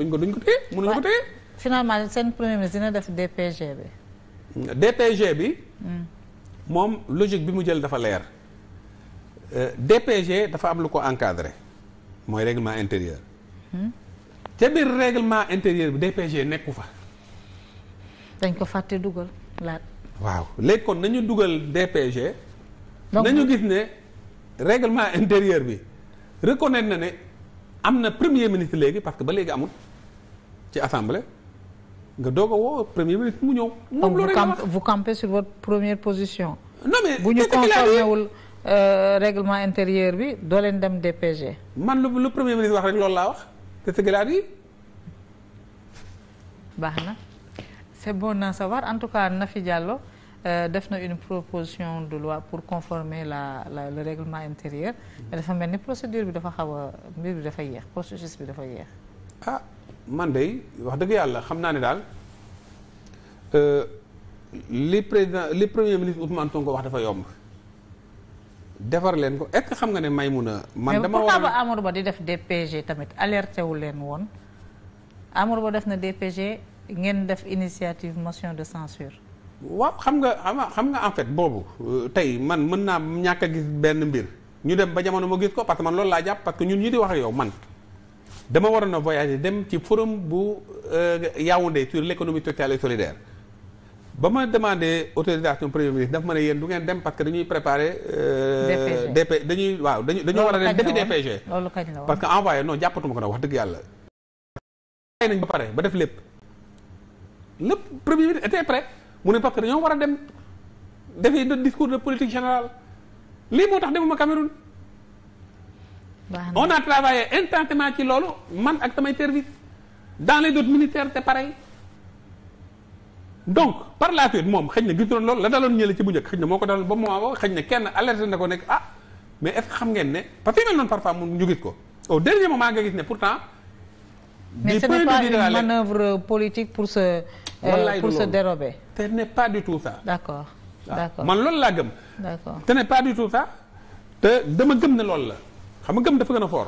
duñ ko duñ ko téye mënuñu ko téye. finalement seen premier ministre dina def DPG bi. DPG bi. Hmm. moom logique bi mu jël dafa leer. Euh, DPG dafa am lu ko encadré mooy règlement intérieur. Hmm. ca biir règlement intérieur bi DPG nekku fa. dañ ko fàtte dugal laat. waaw lekkoon nañu dugal DPG. nañu gis ne règlement intérieur bi reconnaître na ne am na premier ministre léegi parce que ba léegi amul. ci assemblée nga doog a woo premier ministre mu ñëw. moom loolu rek vous campez sur votre première position. bu ñu conformé wul euh, règlement intérieur bi doo leen dem DPG. man lu lu premier ministre wax rek loolu laa wax te sëgalaat yi. baax na c'est bon d'en savoir en tout cas Nafi Diallo euh, def na une proposition de loi pour conformer la, la le règlement intérieur. dafa mel ni procédure bi dafa xaw mbir bi dafa yéex processus bi dafa yeex ah, man de wax dëgg yàlla xam naa ne daal euh, li président li premier ministre Ousmane Sonko wax dafa yomb defar leen ko est xam nga ne may mun Maïmouna man dama war a Amadou Ba di def DPG tamit alerté wu leen woon Amadou Ba def na DPG ngeen def initiative motion de censure waaw xam nga xam nga en fait boobu euh, tey man mën naa ñàkk a gis benn mbir ñu dem ba jamono ma gis ko parce que man loolu laa jàpp parce ñun ñu di wax ak yow man dama waroon a voyager dem ci forum bu euh, Yaoundé sur l'économie sociale et solidaire ba ma demandé autorisation premier ministre daf ma ne yéen du ngeen dem parce que dañuy préparer. Euh, DPG dañuy waaw dañu dañoo war a dem defi DPG. parce que envoyé non jàppatuma ko nag wax dëgg nañ ba ba def lépp lépp premier ministre mu ne parce que dañoo war a dem defi discours de politique générale lii moo tax demuma Cameroun. on a travaillé intensément ci loolu man ak samay service dans les autres ministères c'est pareil donc par la suite moom xëy na gis doon lool la daloon ñële ci bu njëkk xëy na moo ko daloon ba moment ba xëy na kenn alerté na ko nekk ah mais est xam ngeen ne parce que mel noonu parfois mu ñu gis ko au dernier moment nga gis ne pourtant mais ce n'est pas une manœuvre politique pour se euh, pour se dérober ce n'est pas du tout ça ah, d'accord man loolu laa gëm d'accord ce n'est pas du tout ça te dama gëm ne loolu la xam nga gëm dafa gën a